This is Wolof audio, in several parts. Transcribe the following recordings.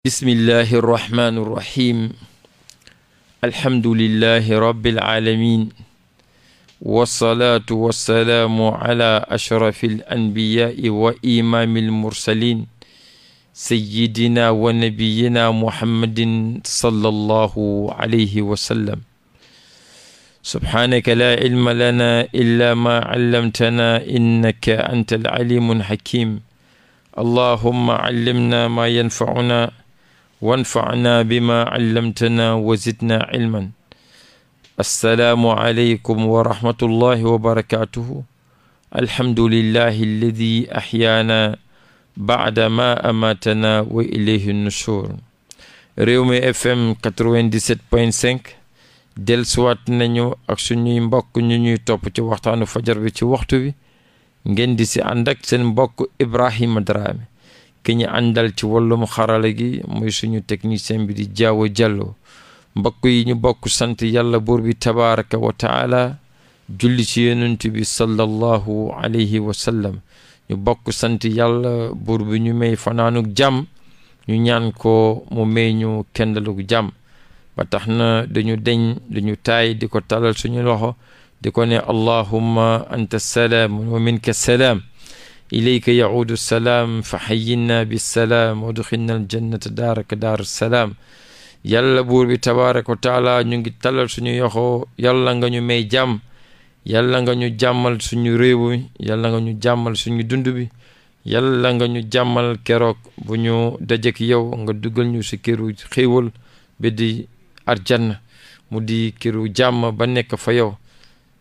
bismillahi irrahmani irrahim alhamdulillahi rabbilalamin walsalaatu walsalaamu ala ashrafi alanbiyaai wa imaami almursalin sayidina wa nabiyina muhammadin sallallahu alayhi wa sallam subhaanaka laa ilma lana illa ma allamtana innaka anta alalimu alhakim allahumma allimna ma yanfacuna wanfanaa bima allamtana wa zidna ilman assalaamu aleykum wa rahmatullahi wa barakatuhu alhamdulillahi alladi ahyaana baada ma amatana wa ilayhi nushur Rewmi FM 97.5 dellusiwaat nañu ak suñuy mbokk ñu ñuy topp ci waxtaanu fajar bi ci waxtu bi ngeen di si ànd ak seen mbokk Ibrahima Drame ki ñu àndal ci wàllum xarala gi muy suñu technicien bi di jaawo jàllo mbokk yi ñu bokk sant yàlla buur bi tabaraka julli ci yonent bi sallallahu alayhi ñu bokk sant yàlla buur bi ñu may fanaanug jàmm ñu ñaan ko mu may ñu kendaluk jàmm ba tax na dañu deñ dañu taay di ko talal suñu loxo di ko ne allahumma anta salaam wa minka salaam ilayka yahuudu salaam fa xayyinna bisalaam wadoxilna aljannata daaraka daaru salaam yàlla buur bi tabaaraka wa taala ñu ngi talal suñu yoxoo yàlla nga ñu may jàmm yàlla nga ñu jàmmal suñu réew mi yàlla nga ñu jàmmal suñu dund bi yàlla nga ñu jàmmal keroog bu ñu dajek yow nga dugal ñu si këru xéewal bi di arjanna mu di këru jàmm ba nekk fa yow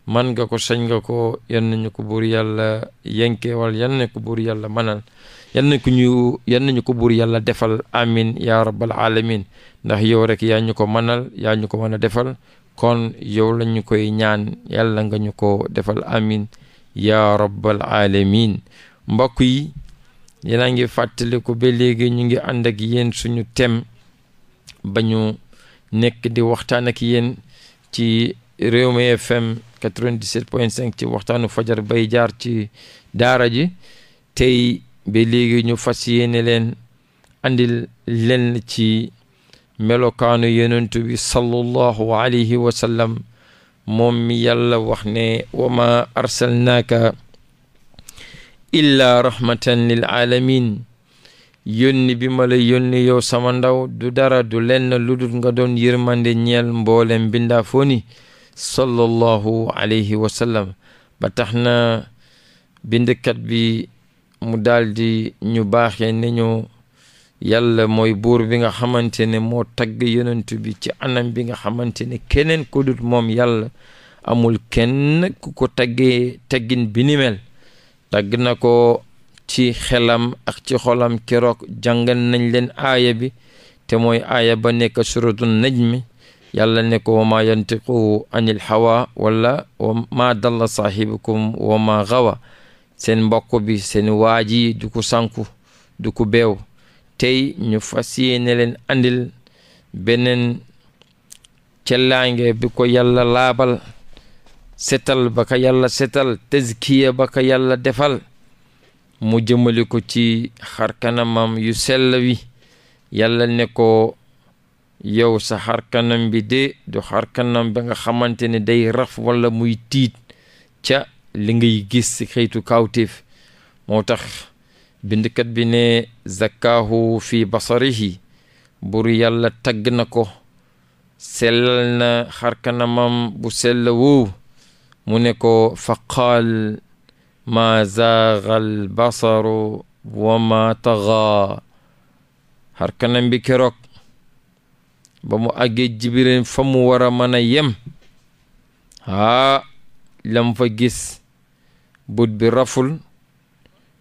man nga ko sañ nga ko yal nañu ko buur yàlla yenkewal yal nañu ko buur yàlla manal yal nañu ko ñu nañu ko buur yàlla defal amin ya rabbal alamin ndax yow rek yaa ñu ko manal yaa ñu ko mën a defal kon yow la ñu koy ñaan yàlla nga ñu ko defal amin ya rabbal alamin mbokk yi yéen ngi fàttali ko ba léegi ñu ngi ànd ak yéen suñu tem ba ñu nekk di waxtaan ak yéen ci Rewmi FM 97.5 ci waxtaanu fajar bay jaar ci daara ji tey ba léegi ñu fas yéene leen andil leen ci melokaanu yonentu bi sallallahu alayhi wa moom mi yàlla wax ne wa ma arsalnaaka illaa rahmatan lil aalamin yónni bi ma la yónni yow sama ndaw du dara du lenn lu dul nga doon yërmande ñeel mboolem bindaa fooni sallallahu alayhi wa ba tax na bindkat bi mu daldi ñu baaxe ne ñu yàlla mooy buur bi nga xamante ne moo tagg yonent bi ci anam bi nga xamante ne keneen ku dut moom yàlla amul kenn ku ko taggee taggin bi ni tagg na ko ci xelam ak ci xolam keroog jàngal nañ leen aaya bi te mooy aaya ba nekk naj mi yàlla ne ko wa maa yantiqu anil hawa wala wa maa dalla saahibukum wa maa gawa seen mbokk bi seen waaj yi du ko sànku du ko beew tey ñu fas yéene leen andil beneen cellaange bi ko yàlla laabal setal ba ka yàlla setal tezkiya ba ka yàlla defal mu jëmale ko ci xarkanamam yu sell wi yàlla ne ko yow sa xarkanam bi de du xarkanam ba nga xamante ne day raf wala muy tiit ca li ngay gis ci xëytu kawtéef moo tax bindkat bi ne zakkaahu fi basarihi bur yàlla tagg na ko sellal na xarkanamam bu sell woow mu ne ko fa qaal maa zaagal basaru wa ma taxaa xarkanam bi keroog ba mu àggee jibirin fa mu war a mën a yem aa lam fa gis but bi raful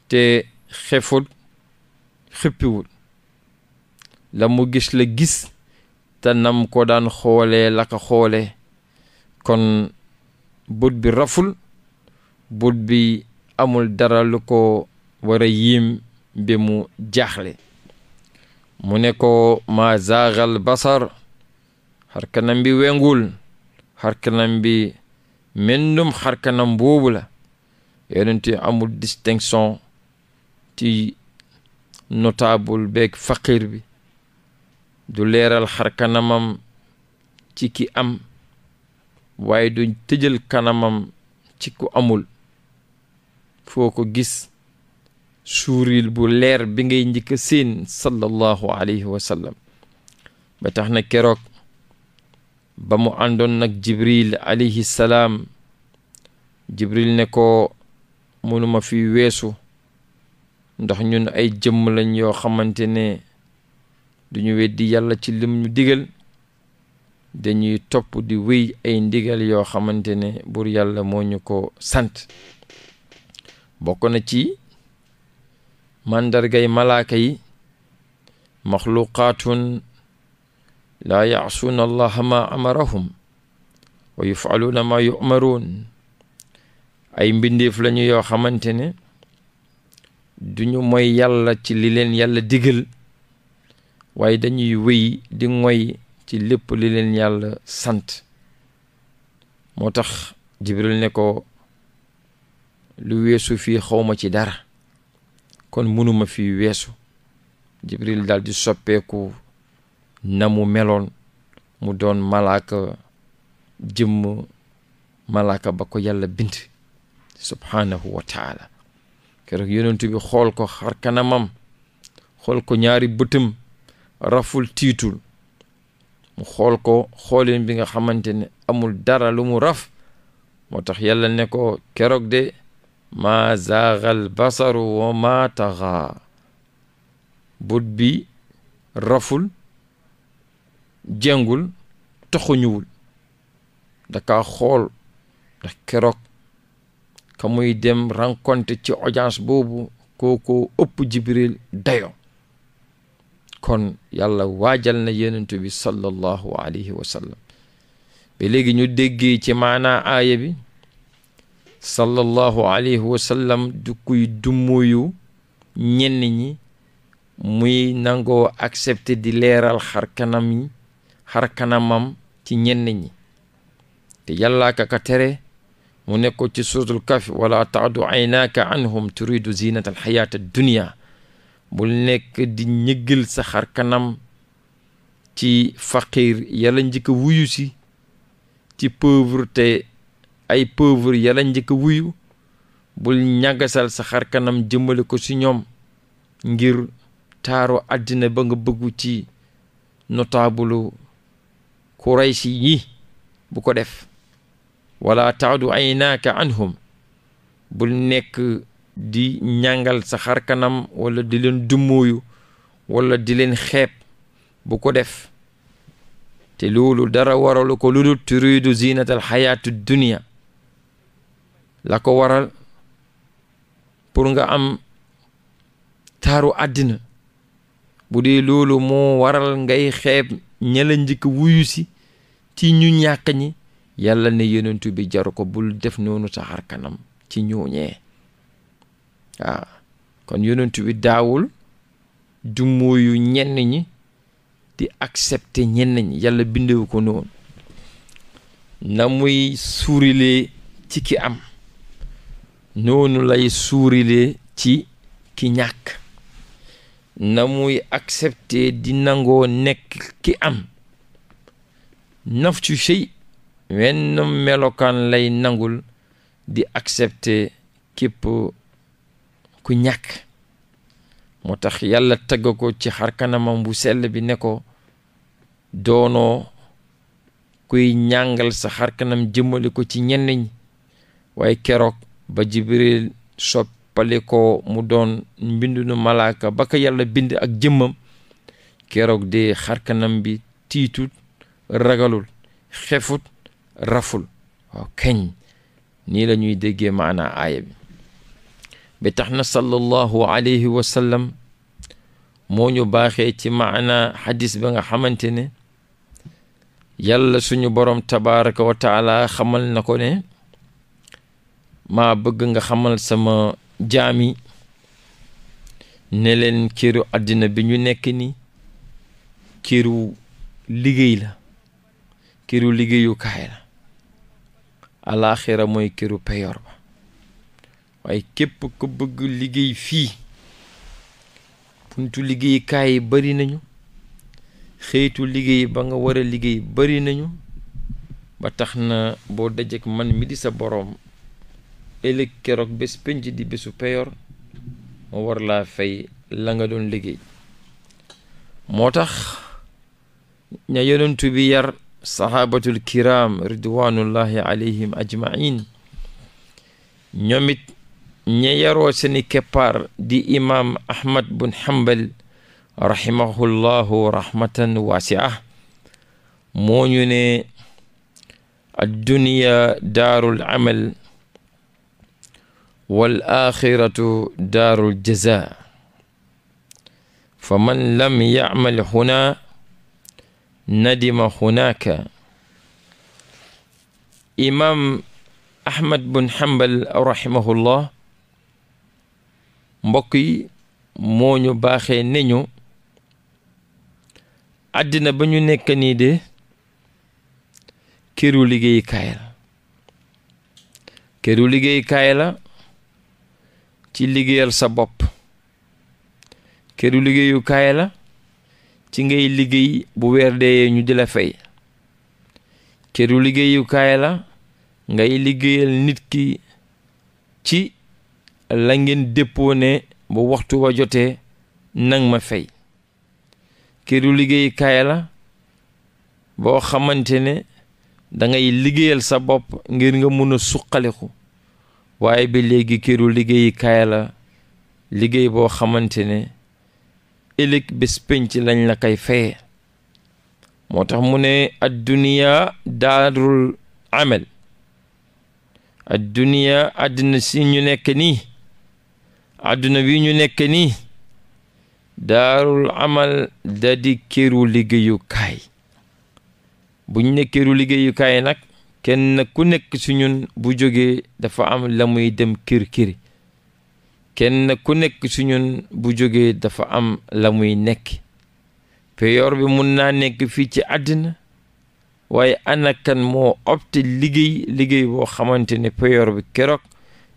te xeful xippiwul la mu gis la gis te nam ko daan xoolee la xoole kon but bi raful but bi amul dara lu ko wara a yiim bi mu jaaxle mu ne ko maa zaagal basar xarkanam bi wengul xarkanam bi mendum xarkanam boobu la yonente amul distinction ci notabul beeg faqir bi du leeral xarkanamam ci ki am waaye du tëjal kanamam ci ku amul foo ko gis suuril bu leer bi ngay njëkk seen sallallahu alayhi wa ba tax na keroog ba mu àndoon nag jibril alayhi salaam jibril ne ko mënuma fi weesu ndox ñun ay jëmm lañ yoo xamante ne duñu weddi yàlla ci lim ñu digal dañuy topp di wéy ay ndigal yoo xamante ne buur yàlla moo ñu ko sant bokk na ci màndargay malaaka yi maxluqaatun laa yaasuuna allaha ma amarahum wa yufaluuna ma yumaruun ay mbindeef lañu yoo xamante ne duñu moy yàlla ci li leen yàlla digal waaye dañuy wéy di moy ci lépp li leen yàlla sant moo tax jibril ne ko lu weesu fii xawma ci dara kon mënuma fi weesu jibril daal di soppeeku na mu meloon mu doon malaaka jëmm malaaka ba ko yàlla bind subhaanahu wa keroog yonent bi xool ko xar kanamam xool ko ñaari bëtam raful tiitul mu xool ko xooleen bi nga xamante ne amul dara lu mu raf moo tax yàlla ne ko keroog de maa zaaxal basaru wa maa taxaa bi raful jengul toxuñuwul daka xool ndax keroog ka muy dem rencontre ci audience boobu kooko ëpp jibril dayo kon yàlla waajal na yeneen bi sallallahu alayhi wa sallam ba ñu déggee ci maanaa aaya sallallahu alayhi wa sallam kuy dummuyu ñenn ñi muy nangoo accepté di leeral xar kanam yi xar kanamam ci ñenn ñi te yàllaa ka ka tere mu nekkoon ci suratul kafi wala taadu aynaaka anhum turidu zinata alxayaat addunia bul nekk di ñëggal sa xar kanam ci faqiir yalla njëkk wuyu si ci pauvreté ay pauvre yàlla njëkk wuyu bul ñàggasal sa xar kanam jëmale ko ci ñoom ngir taaro àddina ba nga bëggu ci notaabulu kuraysi yi bu ko def wala taadu aynaaka anhum bul nekk di ñàngal sa xar kanam wala di leen dummóoyu wala di leen xeeb bu ko def te loolu dara waralu ko lu dul turidu zinatal xayaatu dunia la ko waral pour nga am taaru àddina bu dee loolu moo waral ngay xeeb ña la njëkk wuyu si ci ñu ñàkk ñi yàlla ne yonentu bi jaru ko bul def noonu sa xar kanam ci ñooñee waaw kon yonentu bi daawul du mooyu ñenn ñi di accepter ñenn ñi yàlla bindewu ko noonu na muy suurilee ci ki am noonu lay suurile ci ki ñàkk na muy accepté di nangoo nekk ki am naftu sey wenn melokaan lay nangul di accepté képp ku ñàkk moo tax yàlla tagg ko ci xar bu sell bi ne ko doonoo kuy ñàngal sa xarkanam kanam ko ci ñenn ñi waaye keroog ba jibril soppali ko mu doon mbindunu malaaka ba ko yàlla bind ak jëmmam keroog de xarkanam bi tiitut ragalul xefut raful keñ nii lañuy ñuy déggee aaya bi ba tax na sallallahu alayhi wa moo ñu baaxee ci maanaa xadis ba nga xamante ne yàlla suñu borom tabaraka wa taala xamal na ko ne maa bëgg nga xamal sama jaami ne leen këru àddina bi ñu nekk ni këru liggéey la këru liggéeyukaay la alaaxira mooy këru peyor ba waaye képp ku bëgg liggéey fii buntu liggéeyukaay yi bari nañu xëytu liggéey ba nga war a liggéey bari nañu ba tax na boo dajeek man mi di sa boroom ëllëg keroog bés di bésu peyor moo war laa fay langa doon liggéey moo tax ña yonentu bi yar sahabatul kiram ridwanullahi alayhim ajmain ñoom it ña yaroo seeni keppaar di imaam ahmad bun hambal rahimahullahu rahmatan waasi'a moo ñu ne adduniya daarul amal wal axiratu daarul jaza fa man lam yacmal xuna nadima xunaaka imam ahmad bun hambal rahimahullah mbokk yi moo ñu baaxee ne ñu àddina ba ñu nekk nii de këru liggéeykaay la këru liggéeykaay la ci liggéeyal sa bopp këru liggéeyukaay la ci ngay liggéey bu weer deeyee ñu di la fay këru liggéeyukaay la ngay liggéeyal nit ki ci la ngeen déppoo ne bu waxtu wa jotee nang ma fay këru liggéeyukaay la boo xamante ne dangay liggéeyal sa bopp ngir nga mun a suqaliku waaye bi léegi këru liggéeyukaay la liggéey boo xamante ne ëllëg bés penc lañ la koy feye moo tax mu ne adduniya daarul amal adduniya àdduna si ñu nekk nii àdduna bi ñu nekk nii daarul amal da di këru liggéeyukaay bu ñu ne këru liggéeyukaay nag kenn ku nekk si bu jógee dafa am la muy dem kirkiri kenn ku nekk si bu jógee dafa am la muy nekk peyoor bi mun naa nekk fii ci àddina waaye anakan moo opte liggéey liggéey boo xamante ne peyoor bi keroog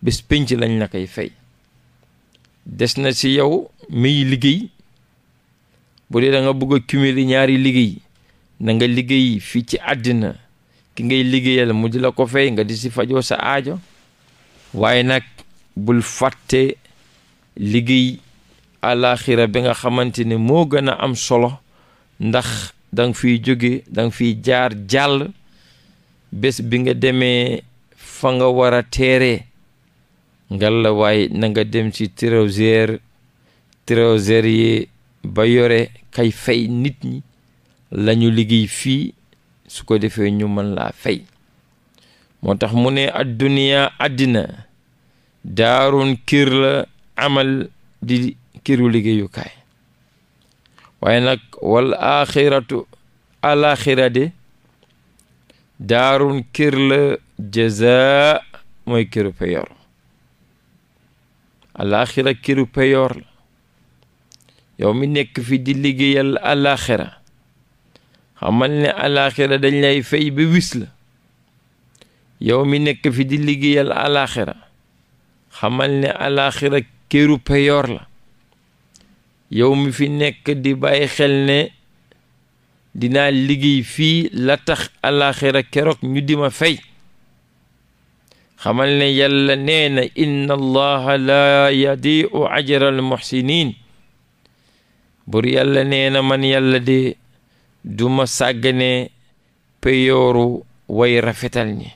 bés pénc lañ la koy fay des na ci yow miy liggéey bu dee da bëgg a ñaari liggéey nanga liggéey fii ci àddina ki ngay liggéeyal mu di la ko fay nga di si fajoo sa aajo waaye nag bul fàtte liggéey àlaxira bi nga xamante ne moo gën a am solo ndax danga fiy jóge danga fiy jaar jàll bés bi nga demee fa nga war a teere ngal la waaye na nga dem ci trésorier yi ba yore kay fay nit ñi lañu liggéey fii su ko defee ñu mën laa fay moo tax mu ne adduniya àddina daarun kër la amal di këru waaye nag wal axiratu alaxira de daarun kër la jaza mooy këru peyor alaxira këru peyor la yow mi nekk fi di liggéeyal alaxira xamal ne alaaxira dañ lay fay ba wis yow mi nekk fi di liggéeyal alaaxira xamal ne alaaxira këru peyoor yow mi fi nekk di bàyyi xel ne dinaa liggéey fii la tax alaaxira keroog ñu di fay xamal ne yàlla nee inna allaha laa yadiu ajra al muxsinin bur yàlla nee man yàlla dee du ma sàggane peyooru way rafetal ñi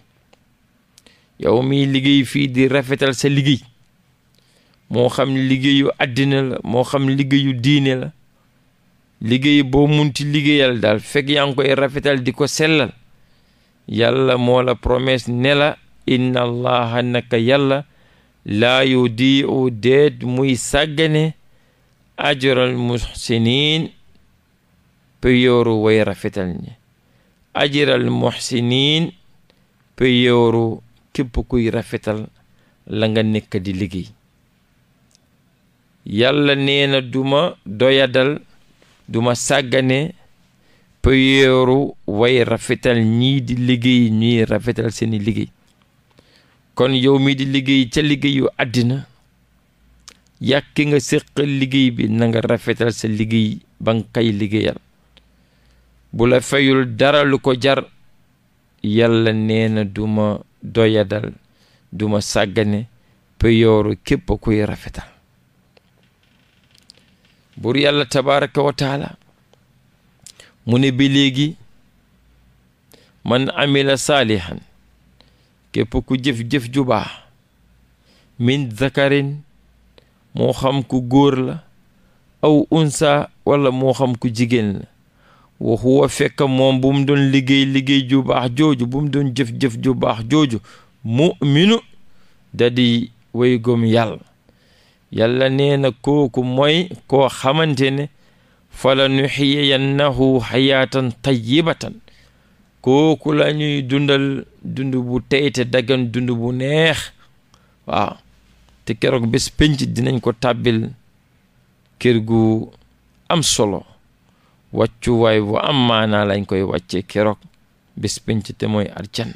yow miy liggéey fii di rafetal sa liggéey moo xam liggéeyu àddina la moo xam liggéeyu diine la liggéey boo munti liggéeyal dal fekk yaa ngi rafetal di ko sellal yàlla moo la promesse ne la inna allaha naka yàlla laa di deet muy sàggane ajral muhsinin péyooru way rafetal ñi ajiral muhsiniin péyooru képp rafetal la nga nekk di liggéey yàlla nee na doyadal duma sàggane péyooru way rafetal ñii di liggéey ñuy rafetal seeni liggéey kon yow mi di liggéey ca liggéeyu àddina yàkki nga séqal liggéey bi nanga nga rafetal sa liggéey ba nga kay liggéeyal bu la fayul dara lu ko jar yàlla neena duma doyadal duma sàggane peyooru képp kuy rafetal buur yàlla tabaraka wa mu ne bi léegi man amila saalihan képp ku jëf-jëf ju baax min zakarin moo xam ku góor la aw unsa wala moo xam ku jigéen la wa huwa fekk moom bum doon liggéey liggéey ju baax jooju bum doon jëf-jëf ju baax jooju muminu da di way gëm yàlla yàlla nee na kooku mooy koo xamante ne fala nuxiyannahu xayaatan tayibatan kooku la ñuy dundal dund bu teyte dagan dund bu neex waaw te keroog bés penc dinañ ko tàbbil kër gu am solo wàccuwaay bu am maanaa lañ koy wàcce keroog bis pénc te mooy arjan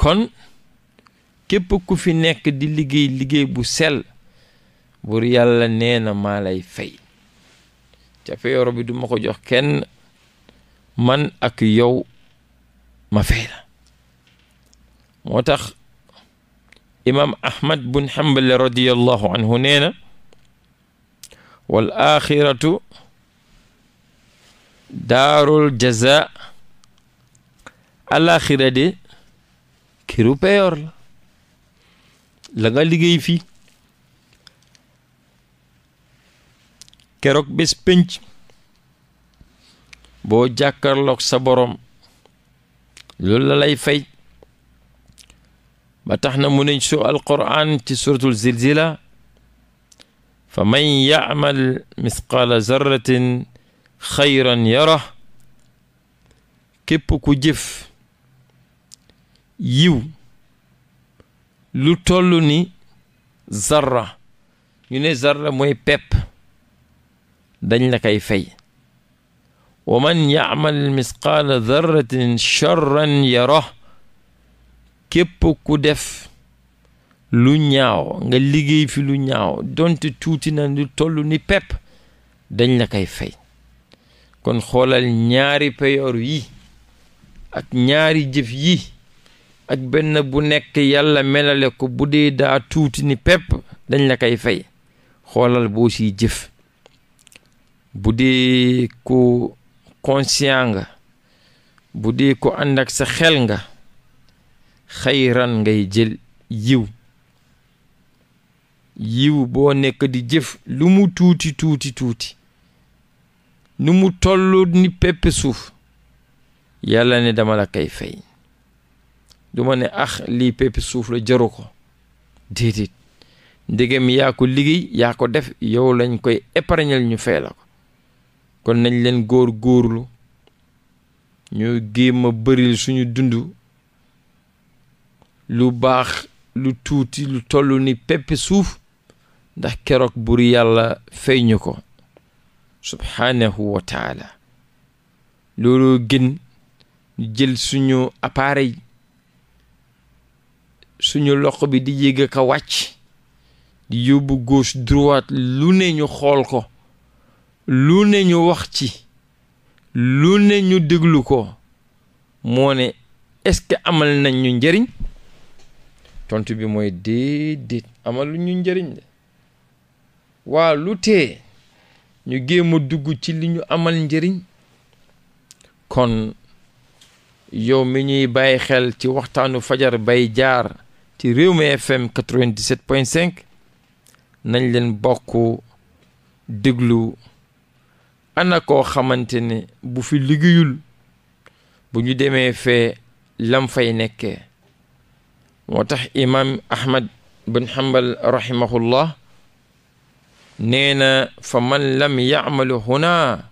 kon képp ku fi nekk di liggéey liggéey bu sel bur yàlla nee na maa lay fay ca feyooro bi duma ko jox kenn man ak yow ma fay la moo tax imaam ahmad bun hanbal radiyallahu anhu nee wal axiratu daarul jaza alaxira de kiru peyor la la nga liggéey fi keroog bés pénc boo jàkkarloog sa boroom loolu la lay fay ba tax na mu ne su alquran ci suratul zilzila fa man amal misqaala zarratin xayran yara képp ku jëf yiw lu toll ni zarra ñu ne zarra mooy pepp dañ la koy fay wa man yaamal misqaala darratin charran yara képp ku def lu ñaaw nga liggéey fi lu ñaaw donte tuuti na lu toll ni pepp dañ la koy fay kon xoolal ñaari peyoor yi ak ñaari jëf yi ak benn bu nekk yàlla melale ko bu dee daa tuuti ni pepp dañ la koy fay xoolal boo siy jëf bu dee ko conscient nga bu dee ko ànd ak sa xel nga xayran ngay jël yiw yiw boo nekk di jëf lu mu tuuti tuuti tuuti nu mu tollu ni pepp suuf yàlla ne dama la koy fay du ma ne ax ah, lii pepp suuf la jaru ko déedéet ndegem yaa ko liggéey yaa ko def yow lañ koy épargnel ñu fay la ko kon nañ leen góor góorlu ñu géem a suñu dund lu baax lu tuuti lu toll ni pepp suuf ndax keroog buur yàlla fay ñu ko subhaanahu wa taala looloo gën jël suñu appareil suñu loxo bi di yéeg ka wàcc di yóbbu gauche droite lu ne ñu xool ko lu ne ñu wax ci lu ne ñu déglu ko moo ne est amal nañ ñu njëriñ tontu bi mooy déedéet amal lu ñu njëriñ de waa lu tee ñu géem a dugg ci li ñu amal njëriñ kon yow mi ñuy bàyyi xel ci waxtaanu fajar bay jaar ci réew Rewmi FM 97.5 nañ leen bokk déglu ana koo xamante ne bu fi liggéeyul bu ñu demee fee lam fay nekkee moo tax imaam Ahmad bin Hanbal rahimahullah nee na fa man lam yaamalu huna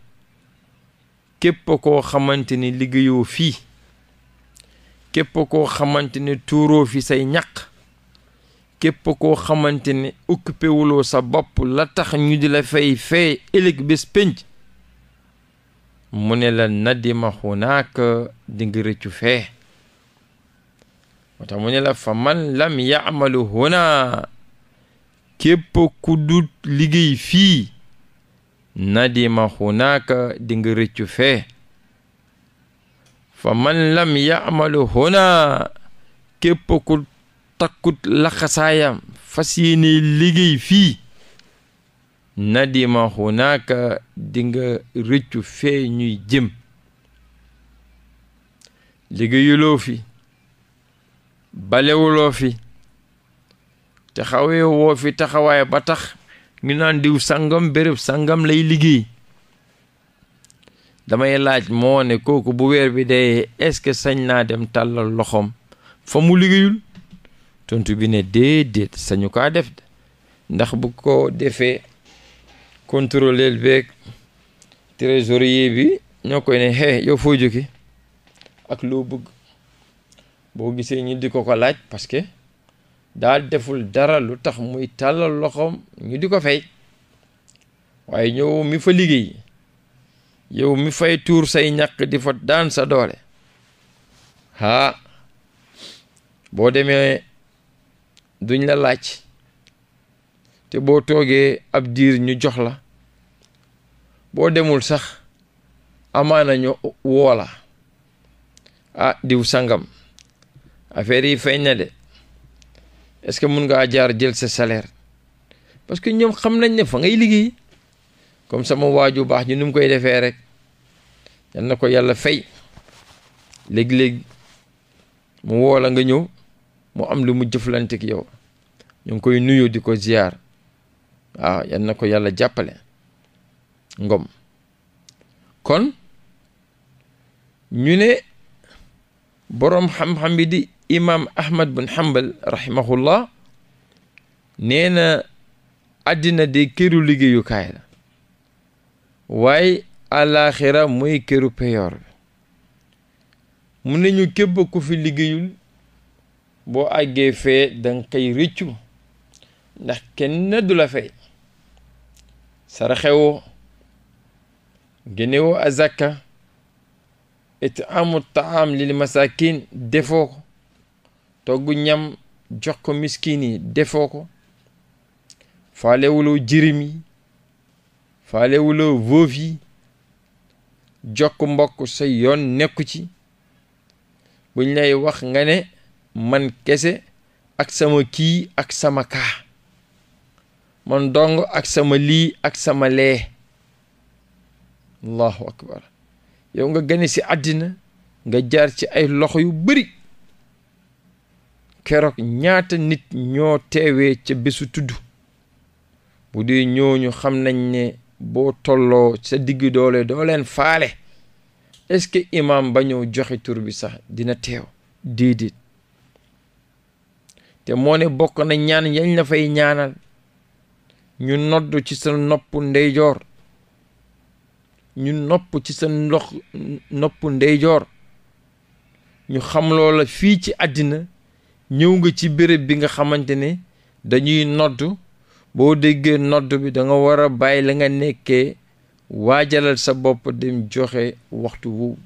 képp koo xamante ni liggéeyoo fii képp koo xamante ni tuuroo fi say ñaq képp koo xamante ni occupé wuloo sa bopp la tax ñu di la fay fay ëllëg bés pénc mu ne la nadima hunaaka di nga rëccu fee moo tax mu la fa man lam yaamalu huna képp ku dut liggéey fii nadima hunaaka di rëccu fee fa man lam yaamalu huna képp ku takkut laxasaayam fas yéene liggéey fii nadima hunaaka dinga rëccu fee ñuy jëm liggéeyuloo fi balewuloo fi taxawee woo fi taxawaay ba tax ñu naan diw sàngam béréb sangam lay liggéey damay laaj moo ne kooku bu weer bi dee est-ce que sañ naa dem tàllal loxoom fa mu liggéeyul tontu bi ne déedéet sañu kaa def ndax bu ko defee contrôleur beeg trésorier bi ñoo koy ne hee yow foo jóge ak loo bëgg boo gisee ñi di ko ko laaj parce que daal deful dara lu tax muy tàllal loxoom ñu di ko fay waaye ñëw mi fa liggéey yow mi fay tuur say ñàkk di fa daan sa doole haa boo demee duñ la laaj te boo toogee ab diir ñu jox la boo demul sax amaana ñu woola ah diw sangam affaire yi feeñ na de est-ce que mun ngaa jaar jël sa salaire parce que ñoom xam nañ ne fa ngay liggéey comme sama waaju baax ñu nu mu koy defee rek yal na ko yàlla fay léegi-léegi mu woola nga ñëw mu am lu mu jëflanteek yow ñu ngi koy nuyu di ko ziyaar waaw yal na ko yàlla jàppale ngom kon ñu ne boroom xam-xam bi di imaam ahmad bin hambal rahimahullah nee na àddina de këru liggéeyukaay la waaye àllaaxira muy këru peyoor bi mu ne ñu képp ku fi liggéeyul boo àggee fee danga koy rëccu ndax kenn du la fay saraxewoo génnewoo azaka et amul taam lil masakin defoo togg ñam jox ko miskin yi defoo ko faalewuloo jirim yi faalewuloo veuve yi jokk mbokk sa yoon nekku ci buñ lay wax nga ne man kese ak sama kii ak sama kaa man dong ak sama lii ak sama lee allahu akbar yow nga gane si àddina nga jaar ci ay loxo yu bari keroog ñaata nit ñoo teewee ca bésu tudd bu dee ñooñu xam nañ ne boo tolloo sa digg doole doo leen faale est-ce imam ba ñëw joxe tur sax dina teew déedéet te moo ne bokk na ñaan yañ la fay ñaanal ñu nodd ci sa nopp ndeyjoor ñu nopp ci sa ndox nopp ndeyjoor ñu xam loola fii ci àddina ñëw nga ci béréb bi nga xamante ne dañuy nodd boo déggee nodd bi da nga war a bàyyi la nga nekkee waajalal sa bopp dem joxe waxtu woowu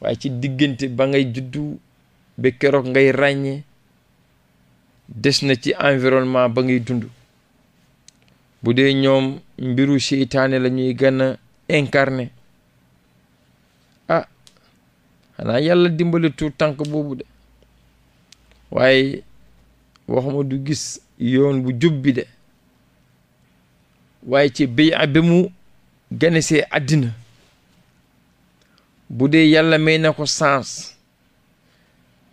waaye ci diggante ba ngay juddu ba keroog ngay ràññee des na ci environnement ba ngay dund bu dee ñoom mbiru seytaane lañuy ñuy gën a incarné xanaa yàlla dimbali tuut tànk boobu de waaye waxuma du gis yoon bu jub bi de waaye ci béy a ba mu ganesee àddina bu dee yàlla may na ko sens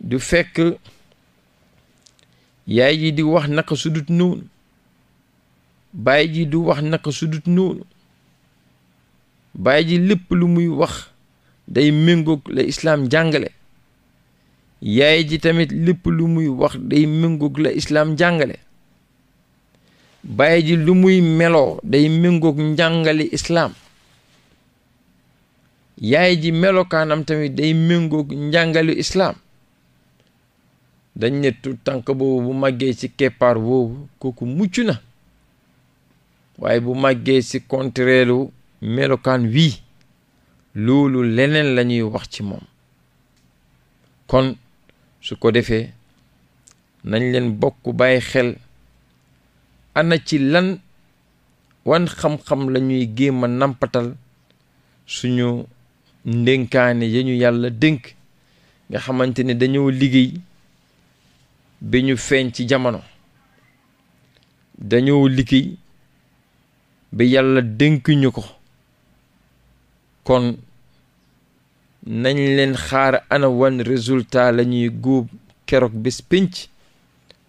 du fekk yaay ji di wax naka su dut noonu baay ji du wax naka su dut noonu baay ji lépp lu muy wax day méngoog la islaam jàngale yaay ji tamit lépp lu muy wax day méngoog la islaam jàngale baay ji lu muy meloo day méngoog njàngale islaam yaay ji melokaanam tamit day méngoog njàngalu islaam dañ ne tu tànk boobu bu màggee ci keppaar boobu kooku mucc na waaye bu màggee ci kontreelu melokaan wii loolu leneen lañuy wax ci moom kon su ko defee nañ leen bokk bàyyi xel ana ci lan wan xam-xam la ñuy géem a nampatal suñu ndénkaane yañu yàlla dénk nga xamante ne dañoo liggéey bi ñu feeñ ci jamono dañoo liggéey bi yàlla dénk ko kon nañ leen xaar ana wan résultat la góob keroog bés pénc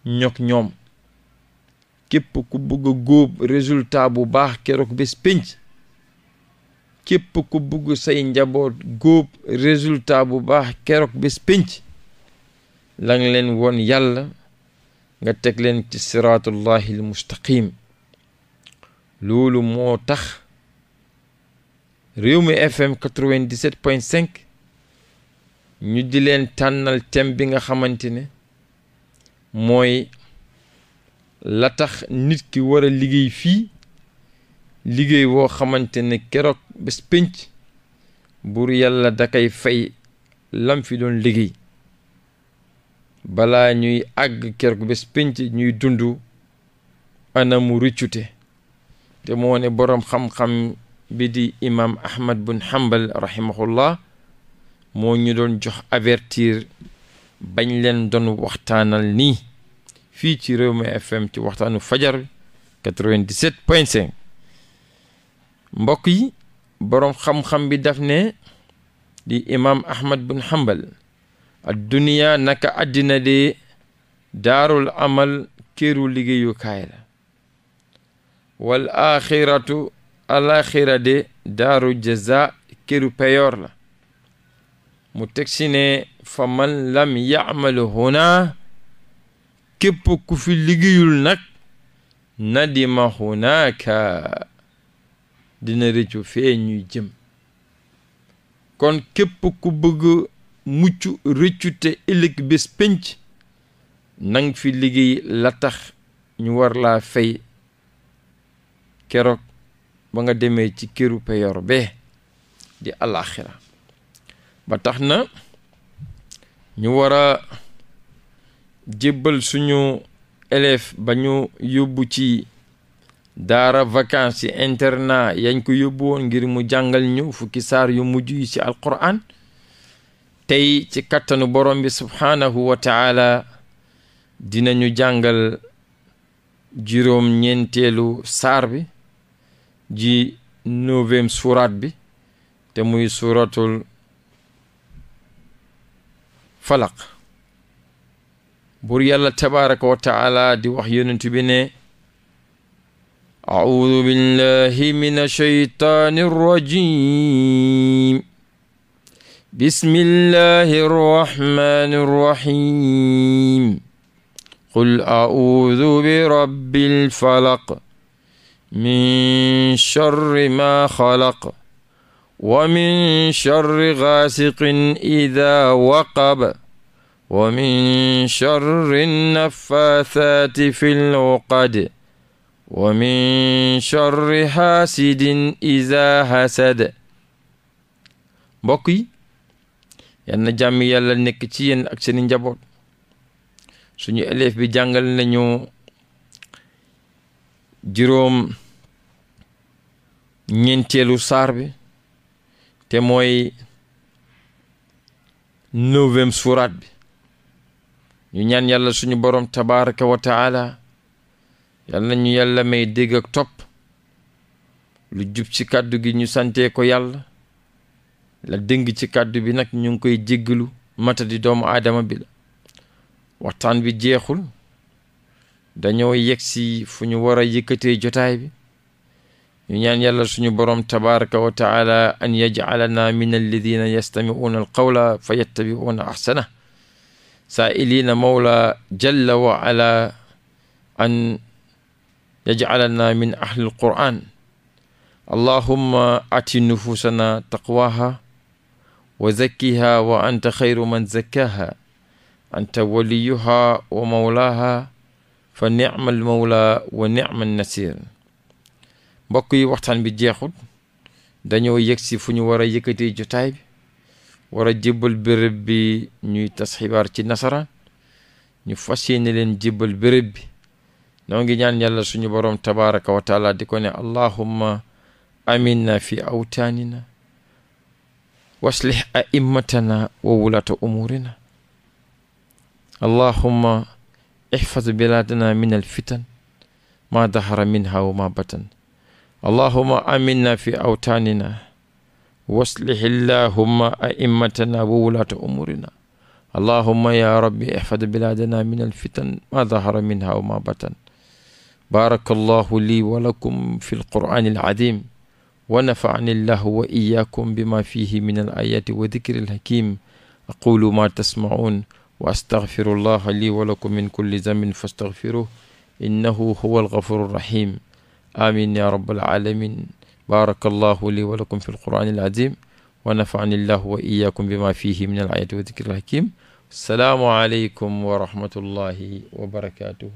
ñoog ñoom képp ku bugg a góob résultat bu baax keroog bés pénc képp ku bëgg say njaboot góob résultat bu baax keroog bés pénc la nga leen woon yàlla nga teg leen ci siraatullahi al mustaqim loolu moo tax réew mi fm 97.5 ñu di leen tànnal thème bi nga xamante ne mooy la tax nit ki war a liggéey fii liggéey woo xamante ne keroog bés pénc buur yàlla da kay fay lam fi doon liggéey bala ñuy àgg keroog bés pénc ñuy dund anamu rëccute te moo ne boroom xam-xam bi di imam ahmad bun hambal rahimahullah moo ñu doon jox avertir bañ leen doon waxtaanal nii fii ci Rewmi FM ci waxtaanu fajar 97 point 5 mbokk yi boroom xam-xam bi daf ne di imam ahmad bun hambal adduniya naka àddina de daarul amal këru liggéeyukaay la wal axiratu alaxira de daaru jaza këru peyoor la mu teg si ne fa man lam yaamalu huna képp ku fi liggéeyul nag nadima hunaka dina rëccu fee jëm kon képp ku bëgg mucc rëccu te ëllëg bés pénc nang fi liggéey la tax ñu war laa fay keroog ba nga demee ci këru peyor be di alaxira ba tax na ñu wara a jébbal suñu élève ba ñu yóbbu ci daara vacances yi internat yañ ko yóbbu woon ngir mu jàngal ñu fukki saar yu mujj yi ci alquran tey ci kattanu borom bi subhaanahu wa taala dinañu jàngal juróom ñeenteelu saar bi ji neuvième suuraat bi te muy suuratul falaq bur yàlla tabaraka wa taala di wax yonent bi ne audu billahi min ashaytaani rajim bismillahi rahmani rahim qul audu bi rabbil falaq min charri ma xalaq wa min charri gaasiqin ida waqab wa min charri naffaathaati fi lcuqad wa min charri haasidin ida hasad mbokk yi yal na jàmm yàlla nekk ci yéen ak seeni njaboot suñu élève bi jàngal nañu juróom ñeenteelu saar bi te mooy neuvième suuraat bi ñu ñaan yàlla suñu borom tabaraka wa taala yal ñu yàlla may dégg topp lu jub ci kàddu gi ñu sante ko yàlla la dëng ci kàddu bi nag ñu ngi koy jéggalu mata doomu aadama bi la waxtaan bi jeexul dañoo yegsi fu ñu war a yëkkatee jotaay bi ñu ñaan yàlla suñu borom tabaraka wa taala an yajcalana min alladina yastamicuuna alqawla ahli alquran allahumma ati nufusana taqwaha wa zakkiha wa anta xayru man zakkaha anta waliyuha wa mawlaha fa ni'mal mawla wa ni'man nasir mbokk yi waxtaan bi jeexul dañoo yëg si fu ñu war a yëkkatee jotaay bi war a jébbal béréb bi ñuy tas xibaar ci nasaraan ñu fas yéene leen jébbal béréb bi noo ngi ñaan yàlla suñu boroom tabaraka wa taala di ko ne allahumma aminna fi awtaanina waslih a'immatana wa wulata umurina ihfas biladana min al fitan ma dahara minha wa ma batan allahuma aminna fi awtanina waslih illahuma a'immatana wa wulata umurina allahuma ya rabbi ihfas biladana min al fitan ma dahara minha wa ma batan baraka allahu lii wa lakum fi lqur'ani alazim wa nafa'ani llahu wa iyyakum bima fihi min al ayati wa dikri alhakim aqulu ma tasma'un wa astaghfirullaha lii wa lakum min kulli zambin fastaghfiruhu innahu huwa alghafuru rahim amin ya rabbal alamin barakallahu lii wa lakum fi alqur'ani alazim wa nafa'ani llahu wa iyyakum bima fihi min alayati wa dhikri alhakim salaamu aleykum wa rahmatullahi wa barakatuhu